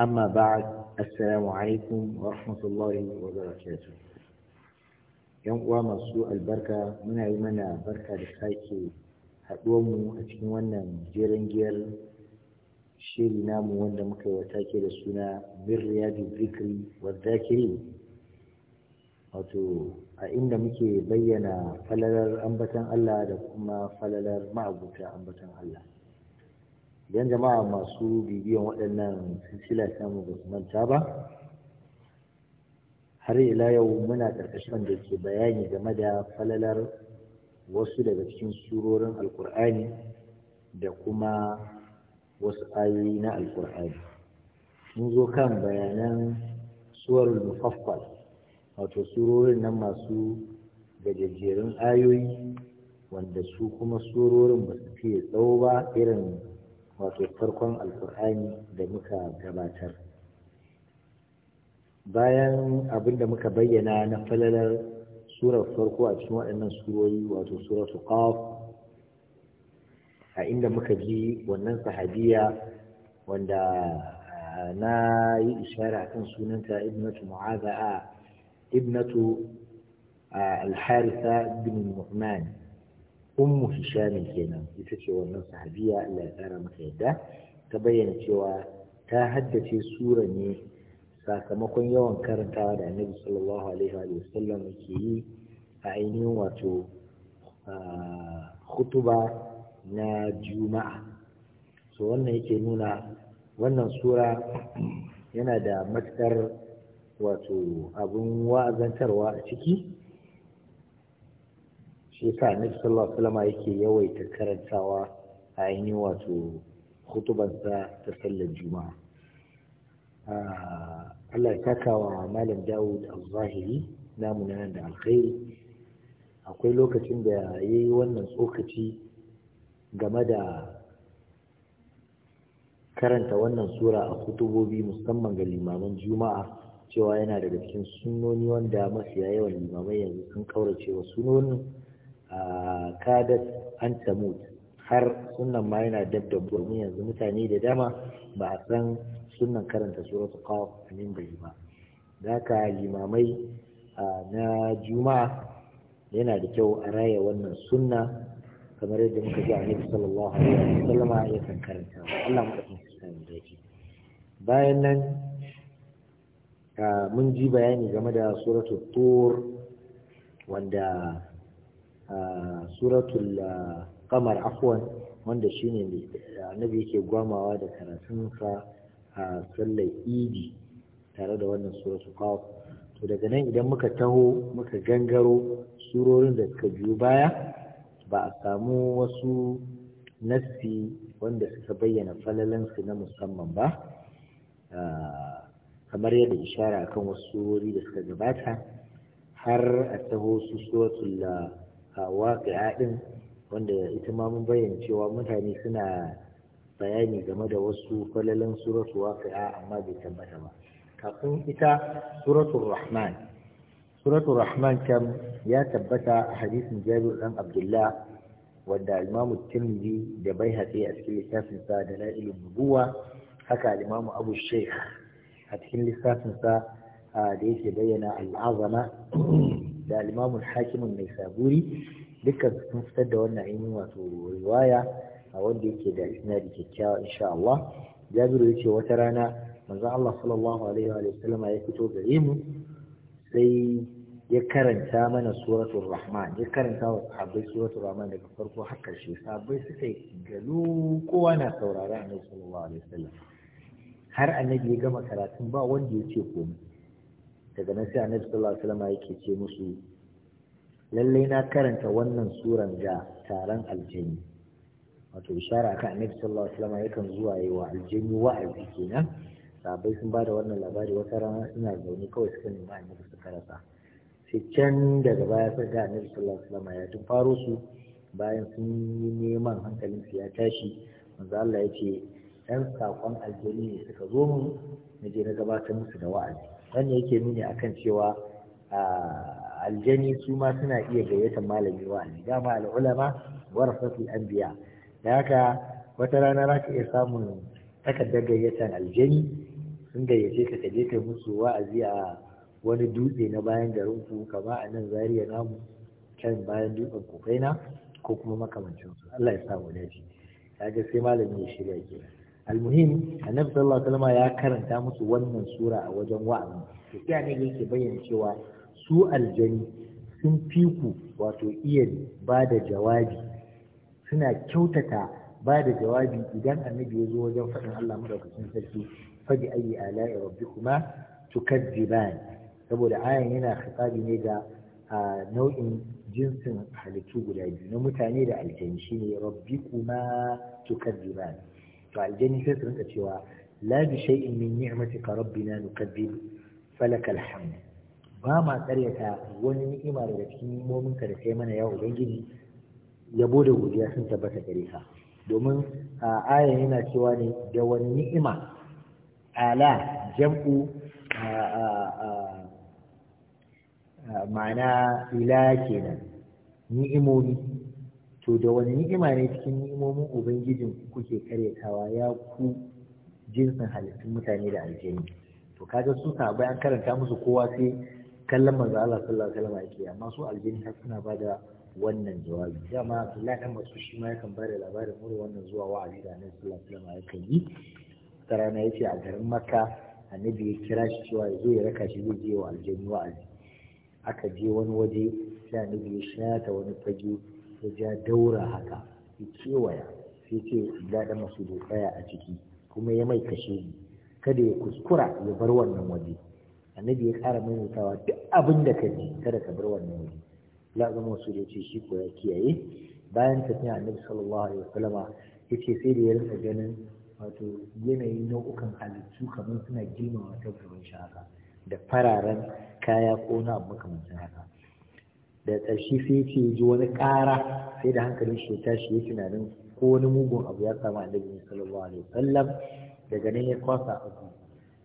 أما بعد السلام عليكم ورحمة الله وبركاته yan uwa masu albarka muna yi mana barka da haɗuwar mu a cikin wannan jeren giyar shiri namu wanda muka yi take da suna birriyadi zikri wa zakiri wato a inda muke bayyana falalar ambatan Allah da kuma falalar ma'abuta ambatan Allah idan jama'a masu bibiyan waɗannan sisila samun ba su manta ba har ila yau muna ƙarƙashin da ke bayani game da falalar wasu daga cikin surorin alkur'ani da kuma wasu ayoyi na alkur'ani mun zo kan bayanan suwar mufaffal wato surorin nan masu gajejjerun ayoyi wanda su kuma surorin ba su fiye tsawo ba irin wato farkon alkur'ani da muka gabatar bayan abin da muka bayyana na falalar surar farko a cikin waɗannan surori wato suratu qaf a inda muka ji wannan sahabiya wanda ah, na yi ishara kan sunanta ibnatu mu'aza a ibnatu ah, al bin mu'man ummu hishami kenan ita ce wannan sahabiya Allah ya tsara mata yadda ta bayyana cewa ta haddace sura ne sakamakon yawan karantawa da annabi sallallahu alaihi wa sallam yake yi a ainihin wato hutuba na juma'a so wannan yake nuna wannan sura yana da matukar wato abun wa'azantarwa a ciki shi yasa annabi sallallahu alaihi wasallam yake yawaita karantawa a ainihin wato hutubansa ta sallar juma'a ah, Allah ya taka wa malam Dawud al-Zahiri namu nan da alkhairi akwai lokacin da yayi wannan tsokaci game da karanta wannan sura a hutubobi musamman ga limaman juma'a cewa yana daga cikin sunoni wanda mafiya yawan limamai yanzu sun kaurace wa sunonin kadat an tamut har sunan ma yana dab da domin yanzu mutane da dama ba a san sunan karanta suratul qaf amin bai ba zaka limamai na juma'a yana da kyau a raya wannan sunna kamar yadda muka ji annabi sallallahu alaihi wasallam ya kan karanta Allah mu kafin sunan da yake bayan nan mun ji bayani game da suratul tur wanda suratul qamar afwan wanda shine annabi yake gwamawa da karatunsa a sallar idi tare da wannan suratul qaf to daga nan idan muka taho muka gangaro surorin da suka biyo baya ba a samu wasu nassi wanda suka bayyana falalansu na musamman ba kamar yadda ishara akan wasu surori da suka gabata har a taho su suratul waƙi'a ɗin wanda ita ma mun bayyana cewa mutane suna bayani game da wasu falalin suratu waƙi'a amma bai tabbata ba kafin ita suratul rahman suratul rahman kam ya tabbata a hadisin jabir dan abdullah wanda imamu tirmidhi da baihaqi a cikin littafin sa da la'ilun nubuwa haka imamu abu sheikh a cikin littafin sa da yake bayyana al'azama da al hakimin mai saburi dukkan sun fitar da wannan ainihin wato riwaya a wanda yake da isnadi kyakkyawa insha Allah Jabiru yace wata rana manzon Allah sallallahu alaihi wa sallam ya fito gare mu sai ya karanta mana suratul Rahman ya karanta wa sahabbai suratul Rahman daga farko har karshe sahabbai suka kowa na saurara Annabi sallallahu alaihi wa sallam har annabi ya gama karatun ba wanda ya ce komai daga nan sai annabi sallallahu alaihi wasallam yake ce musu lalle na karanta wannan suran ga taron aljini wato ishara akan annabi sallallahu alaihi wasallam yakan zuwa yi wa aljini wa'azi kenan sabai sun ba da wannan labari wata rana suna zaune kawai suka nemi annabi suka rasa sai can daga baya sai ga annabi sallallahu alaihi wasallam ya tun faro su bayan sun yi neman hankalin su ya tashi manzo Allah ya ce ɗan saƙon aljini ne suka zo mu na je na gabatar musu da wa'azi wannan yake nuni kan cewa aljani su ma suna iya gayyatar malami wa'azi dama al'ulama an biya. da haka wata rana za ka iya samun takardar gayyatar aljani sun gayyace ka ka je kai musu wa'azi a wani dutse na bayan garin ku kama a nan zariya namu can bayan dutsen na ko kuma makamancinsu. Allah ya samu dace kaga sai malami ya shirya kenan almuhim annabi sallallahu ya karanta musu wannan sura a wajen wa'azi to sai annabi yake bayyana cewa su aljani sun fiku wato iya ba da jawabi suna kyautata ba da jawabi idan annabi ya zo wajen faɗin Allah madaukakin sarki faji ayi ala'i rabbikuma tukazziban saboda ayan yana khitabi ne ga nau'in jinsin halittu guda biyu na mutane da aljani shine rabbikuma tukazziban to aljani sai su rinka cewa la bi shay'in min ni'matika rabbina nukazzib falaka alhamd ba ma karyata wani ni'ima daga cikin nimomin ka da kai mana ya ubangiji yabo da godiya sun tabbata gare ka domin a aya yana cewa ne da wani ni'ima ala jam'u ma'ana ila kenan ni'imomi to da wani ni'ima ne cikin ni'imomin ubangijin kuke karyatawa ya ku jinsin halittun mutane da aljini to kaga su sabai an karanta musu kowa sai kallon manzo Allah sallallahu alaihi wasallam yake amma su aljini har suna bada wannan jawabi dama Abdullahi dan Mas'ud shi ma yakan bada labarin mura wannan zuwa wa'azi da Annabi sallallahu alaihi wasallam yake yi tarana yace a garin Makka annabi ya kira shi cewa ya zo ya raka shi zai je wa wa wa'azi aka je wani waje sai annabi ya shata wani fage ya ja daura haka ya kewaya sai ce daɗa masu dokaya a ciki kuma ya mai kashe ni kada ya kuskura ya bar wannan waje annabi ya ƙara maimaitawa duk abin da ka ji kada ka bar wannan waje zama su da ce shi ko ya kiyaye bayan tafiya annabi sallallahu alaihi wasallam ya ce sai da ya rinka ganin wato yanayin nau'ukan halittu kamar suna girmama ta gaban shi haka da fararen kaya ko na abu makamancin haka da ƙarshe sai ce ji wani ƙara sai da hankalin shi ya tashi ya tunanin ko wani mugun abu ya samu annabi sallallahu alaihi wasallam daga nan ya kwasa abu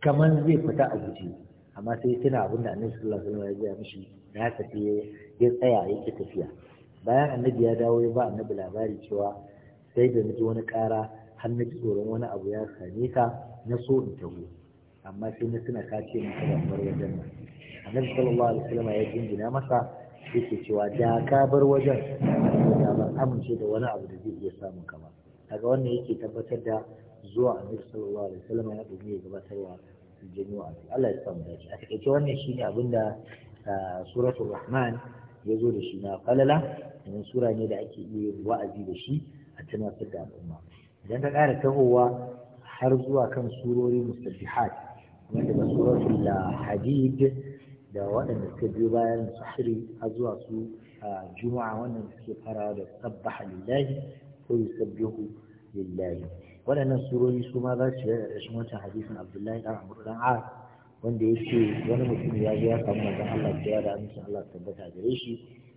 kamar zai fita a guje amma sai tuna abin da annabi sallallahu alaihi wasallam ya gaya mishi na tafi ya tsaya ya ki tafiya bayan annabi ya dawo ya ba annabi labari cewa sai da ji wani ƙara har na tsoron wani abu ya same ka na so in taho amma sai na tuna kace ce min bar wajen nan annabi sallallahu alaihi wasallam ya jingina masa yake cewa da ka bar wajen da ba amince da wani abu da zai iya samun ka ba daga wannan yake tabbatar da zuwa annabi sallallahu alaihi wasallam ya dumi ya gabatarwa jami'a Allah ya samu dace a takaice wannan shine abin da suratul rahman ya zo da shi na falala domin sura ne da ake iya wa'azi da shi a tunatar da al'umma idan ka ƙara tahowa har zuwa kan surori mustabihat wanda ba suratul hadid da waɗanda suka biyo bayan sahiri har zuwa su a juma'a wannan suke fara da sabbaha lillahi ko yusabbihu lillahi waɗannan surori su ma za su yi ƙarshen wancan hadisin abdullahi dan amur dan a wanda ya ce wani mutum ya zo ya samu manzon Allah da ya da amincin Allah tabbata gare shi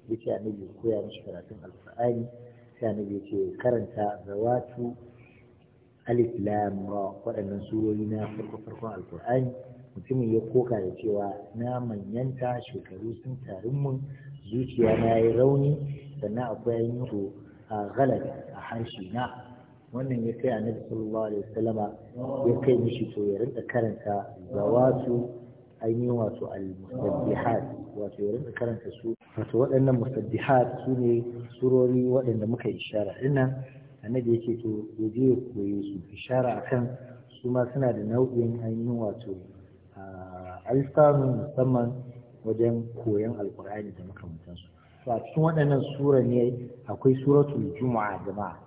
ya ce annabi ya koya mishi karatun alƙur'ani sai annabi ya ce karanta zawatu alif lam ra waɗannan surori na farko farkon alƙur'ani mutumin ya koka da cewa na manyanta shekaru sun tarin mun zuciya na yi rauni sannan akwai yin to a galar a harshe na wannan ya kai annabi sallallahu alaihi wasallama ya kai mishi to ya rinka karanta ga zawatu ainihin wato al-musabbihat wato ya rinka karanta su wato waɗannan musabbihat su ne surori waɗanda muka ishara dinnan annabi yake to ya je ya koye su ishara akan su ma suna da nau'in ainihin wato alfanu musamman wajen koyon alkur'ani da makamantansu to a cikin waɗannan sura ne akwai suratul juma'a jama'a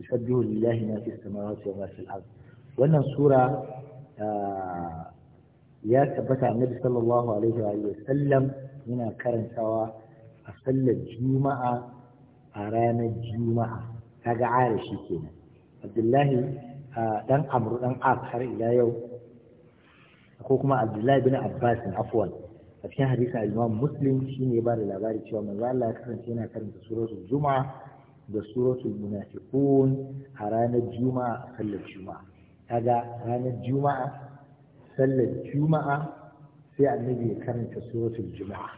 yusabbihu lillahi ma fi samawati wa ma fil ard wannan sura ya tabbata annabi sallallahu alaihi wa sallam yana karantawa a sallar juma'a a ranar juma'a kaga arashi kenan abdullahi dan amru dan as har ila yau ko kuma abdullahi bin abbas afwan a cikin hadisi al-imam muslim shine ba da labari cewa manzo Allah ya kasance yana karanta suratul juma'a da suratul munafiqun a ranar juma'a a sallar juma'a kaga ranar juma'a sallar juma'a sai annabi ya karanta suratul juma'a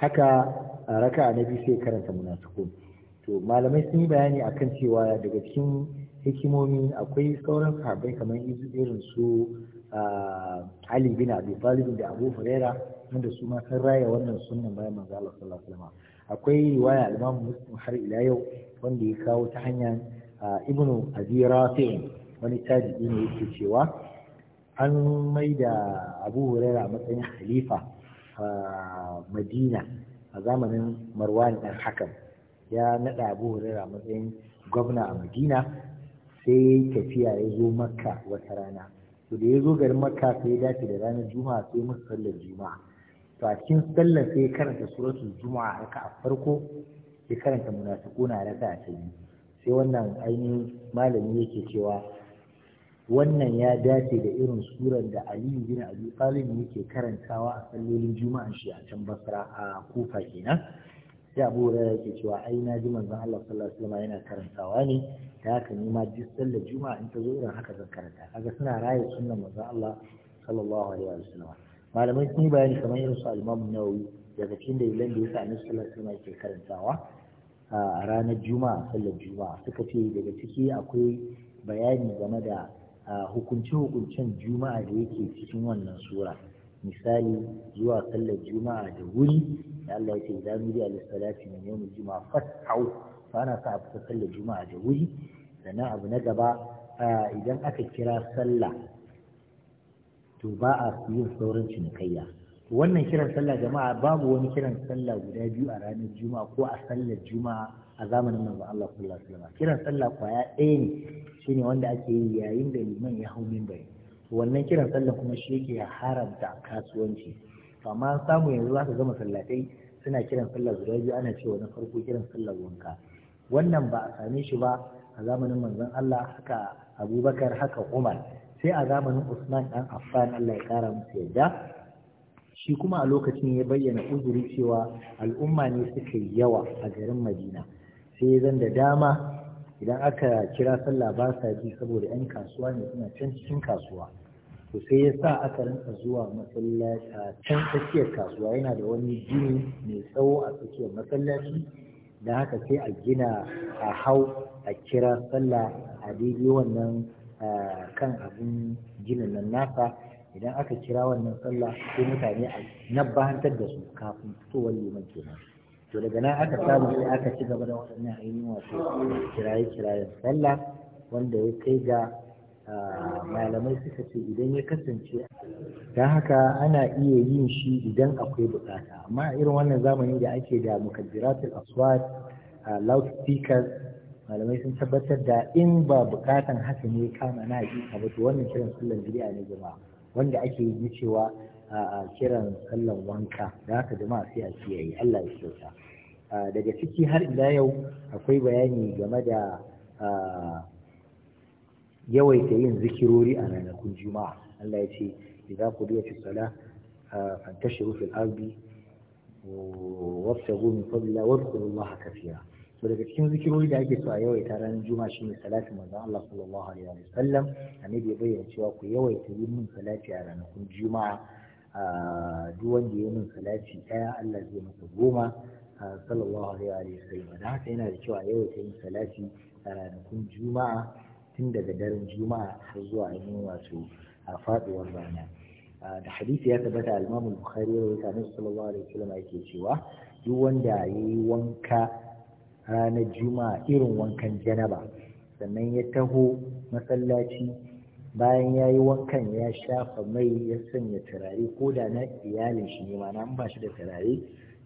haka a raka annabi sai karanta munafiqun to malamai sun yi bayani akan cewa daga cikin hikimomi akwai sauran sahabbai kamar irin su Ali bin Abi Talib da Abu Huraira wanda su ma sun raya wannan sunnan bayan manzo Allah sallallahu alaihi wasallam akwai riwaya al-Imam Muslim har ila yau wanda ya kawo ta hanyar Ibn Abi Rafi' wani tabi'i ne yake cewa an mai da Abu Huraira matsayin khalifa a Madina a zamanin Marwan al Hakam ya nada Abu Huraira matsayin gwamna a Madina sai tafiya ya zo makka wata rana to da ya zo garin makka sai ya dace da ranar juma'a sai musu sallar juma'a to a cikin sallar sai ya karanta suratul juma'a raka a farko ya karanta munafiquna raka a biyu sai wannan ainihin malami yake cewa wannan ya dace da irin surar da aliyu bin abi talib yake karantawa a sallolin juma'a shi a can basra a kufa kenan sai abu da yake cewa ai na ji manzon Allah sallallahu alaihi wasallam yana karantawa ne ta haka ni ma duk sallar juma'a in ta zo irin haka zan karanta kaga suna raye sunnan manzon Allah sallallahu alaihi wasallam malamai sun yi bayani kamar irin su al-Imam Nawawi daga cikin dalilan da yasa Annabi sallallahu alaihi wasallam yake karantawa a ranar juma'a sallar juma'a suka ce daga ciki akwai bayani game da hukunce-hukuncen juma'a da yake cikin wannan sura misali zuwa sallar juma'a da wuri da Allah ya ce idan mu da salati min yawmil juma'a fat'au fa ana sa fita sallar juma'a da wuri sannan abu na gaba idan aka kira sallah to ba a yin saurin cinikayya wannan kiran sallah jama'a babu wani kiran sallah guda biyu a ranar juma'a ko a sallar juma'a a zamanin manzon Allah kiran sallah kwaya ɗaya ne shine wanda ake yi yayin da liman ya hau minbari wannan kiran sallah kuma shi yake haramta kasuwanci to amma samu yanzu za ka ga masallatai suna kiran sallah guda biyu ana cewa na farko kiran sallar wanka wannan ba a same shi ba a zamanin manzon Allah haka Abubakar haka Umar sai a zamanin Usman dan Affan Allah ya kara musu yadda shi kuma a lokacin ya bayyana uzuri cewa al'umma ne suka yi yawa a garin Madina sai zan da dama idan aka kira sallah ba sa ji saboda 'yan kasuwa ne suna can cikin kasuwa to sai ya sa aka rinka zuwa masallaci can tsakiyar kasuwa yana da wani gini mai tsawo a tsakiyar masallaci da haka sai a gina a hau a kira sallah a daidai wannan kan abin ginin nan nasa idan aka kira wannan sallah sai mutane a nabbahantar da su kafin fitowar liman kenan to daga nan aka samu sai aka ci gaba da waɗannan ainihin wato kiraye-kirayen sallah wanda ya kai ga malamai suka ce idan ya kasance don haka ana iya yin shi idan akwai bukata amma irin wannan zamani da ake da mukaddiratul aswat loudspeakers malamai sun tabbatar da in ba bukatan haka ne kama na yi abu to wannan kiran sallan bid'a ne jama'a wanda ake yi cewa a kiran sallan wanka da haka jama'a sai a kiyaye Allah ya kyauta daga ciki har ila yau akwai bayani game da yawaita yin zikirori a ranakun juma'a Allah ya ce idza qudiyatis sala fantashiru fil ardi wabtagu min fadlillah wadhkurullaha kathira to daga cikin zikirori da ake so a yawaita ranar juma'a shine salatin manzon Allah sallallahu alaihi wa sallam annabi ya bayyana cewa ku yawaita yin min salati a ranakun juma'a duk wanda ya min salati daya Allah zai masa goma sallallahu alaihi wa sallam da haka yana da kyau a yawaita yin salati a ranakun juma'a tun daga daren juma'a har zuwa ainihin wato a faduwar rana da hadisi ya tabbata al-Imam al-Bukhari ya rawaita Annabi sallallahu alaihi wasallam yake cewa duk wanda yayi wanka ranar juma'a irin wankan janaba sannan ya taho masallaci bayan ya yi wankan ya shafa mai ya sanya turare ko da na iyalin shi ne ma ba shi da turare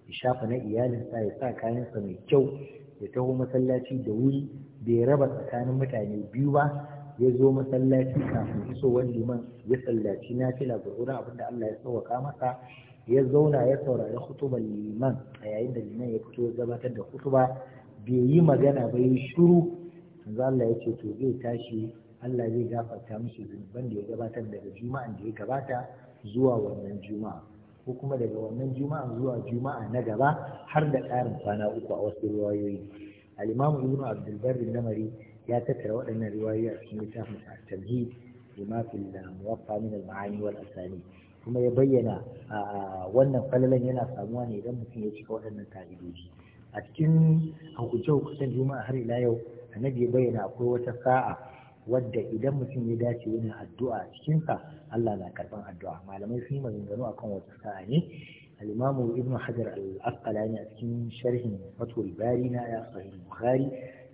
ya shafa na iyalinsa ya sa kayansa mai kyau ya taho masallaci da wuri bai raba tsakanin mutane biyu ba ya zo masallaci kafin isowar liman ya sallaci na fila gurgurin abinda Allah ya sauwaka masa ya zauna ya saurari hutubar liman a yayin da liman ya fito ya gabatar da hutuba bai yi magana ba yi shiru yanzu Allah ya ce to zai tashi Allah zai gafarta mishi zunuban da ya gabatar daga juma'an da ya gabata zuwa wannan juma'a ko kuma daga wannan juma'a zuwa juma'a na gaba har da ƙarin kwana uku a wasu riwayoyi Alimamu imam ibnu abdulbarri na mari ya tattara waɗannan riwayoyi a cikin littafin at-tamhid lima muwaffa min al-ma'ani wal asani kuma ya bayyana wannan falalan yana samuwa ne idan mutum ya cika waɗannan ka'idoji a cikin hukunce hukuncen juma'a har ila yau annabi ya bayyana akwai wata sa'a wadda idan mutum ya dace yana addu'a cikinsa Allah na karban addu'a malamai sun yi maganganu akan wata sa'a ne al-imamu ibn hajar al-asqalani a cikin sharhin fatul bari na ya sahih bukhari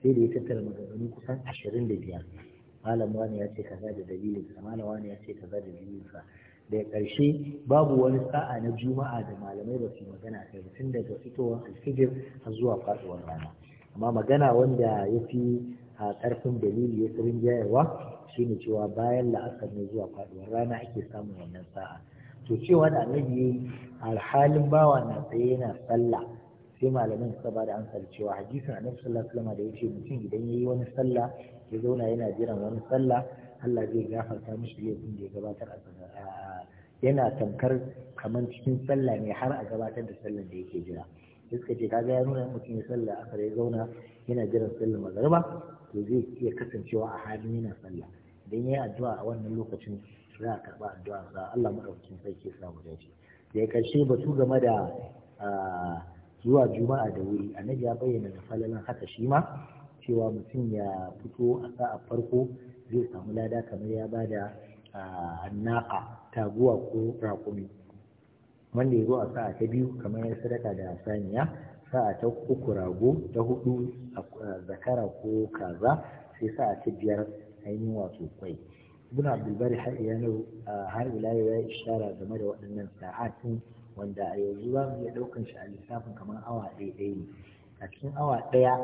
sai da ya tattara maganganu kusan 25 malam wani ya ce kaza da dalilin sa malam wani ya ce kaza da dalilin sa da ƙarshe babu wani sa'a na juma'a da malamai ba su magana kai tun daga fitowar alfijir har zuwa faɗuwar rana amma magana wanda ya fi a ƙarfin dalili ya tsirin jayarwa shine cewa bayan la'asar ne zuwa faɗuwar rana ake samun wannan sa'a to cewa da annabi yayi alhalin bawa na tsaye yana sallah sai malamin suka ba da amsar cewa hadisin annabi sallallahu alaihi wasallam da yace mutum idan yayi wani sallah ya zauna yana jiran wani sallah Allah zai gafarta mishi laifin da ya gabatar a yana tamkar kamar cikin sallah ne har a gabatar da sallah da yake jira sai suka ce kaga ya nuna mutum ya sallah a ya zauna yana jiran sallar magariba to zai iya kasancewa a halin yana sallah idan ya yi addu'a a wannan lokacin za a karɓa addu'a za Allah maɗaukakin sai ke samu dace da ya karshe batu game da zuwa juma'a da wuri annabi ya bayyana da falalan haka shi ma cewa mutum ya fito a sa'a farko zai samu lada kamar ya ba da naƙa taguwa ko raƙumi wanda ya zo a sa'a ta biyu kamar ya sadaka da saniya sa'a ta uku rago ta hudu zakara ko kaza sai sa'a ta biyar ainihin wato kwai ibn abdulbari har yau har ila yau ya ishara game da waɗannan sa'atin wanda a yanzu za mu iya ɗaukan shi a lissafin kamar awa ɗaya ɗaya ne a cikin awa ɗaya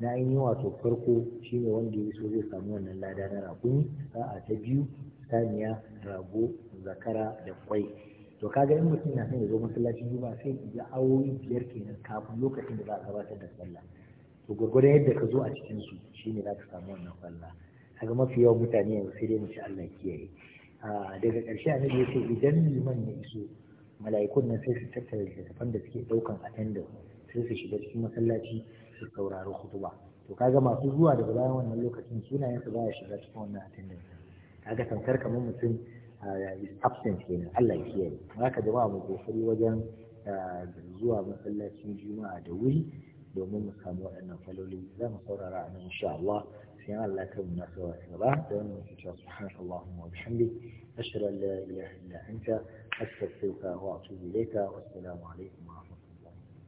na ainihin wato farko shine wanda ya so zai samu wannan lada na raƙumi sa'a ta biyu saniya rago zakara da kwai to kaga in mutum na son ya zo masallacin juma'a sai ya awoyi biyar kenan kafin lokacin da za a gabatar da sallah to gurgurdan yadda ka zo a cikin su shine za ka samu wannan sallah kaga mafi yawan mutane yanzu sai dai mu ci Allah kiyaye ah, daga ƙarshe annabi ya ce idan liman ya iso mala'ikun nan sai su tattara littattafan da suke ɗaukan attendant sai su shiga cikin masallaci su saurari hutuba to kaga masu zuwa daga bayan wannan lokacin sunayen su ya shiga cikin wannan attendant kaga tamkar kamar mutum absent kenan Allah ya kiyaye haka jama'a mu kokari wajen zuwa masallacin juma'a da wuri domin mu samu waɗannan faloli za mu saurara a nan insha Allah sai Allah ya kai mu nasawa gaba da wannan mutum cewa subhanakallahumma wa bihamdik ashhadu an la ilaha illa anta astaghfiruka wa atubu ilayka wassalamu alaikum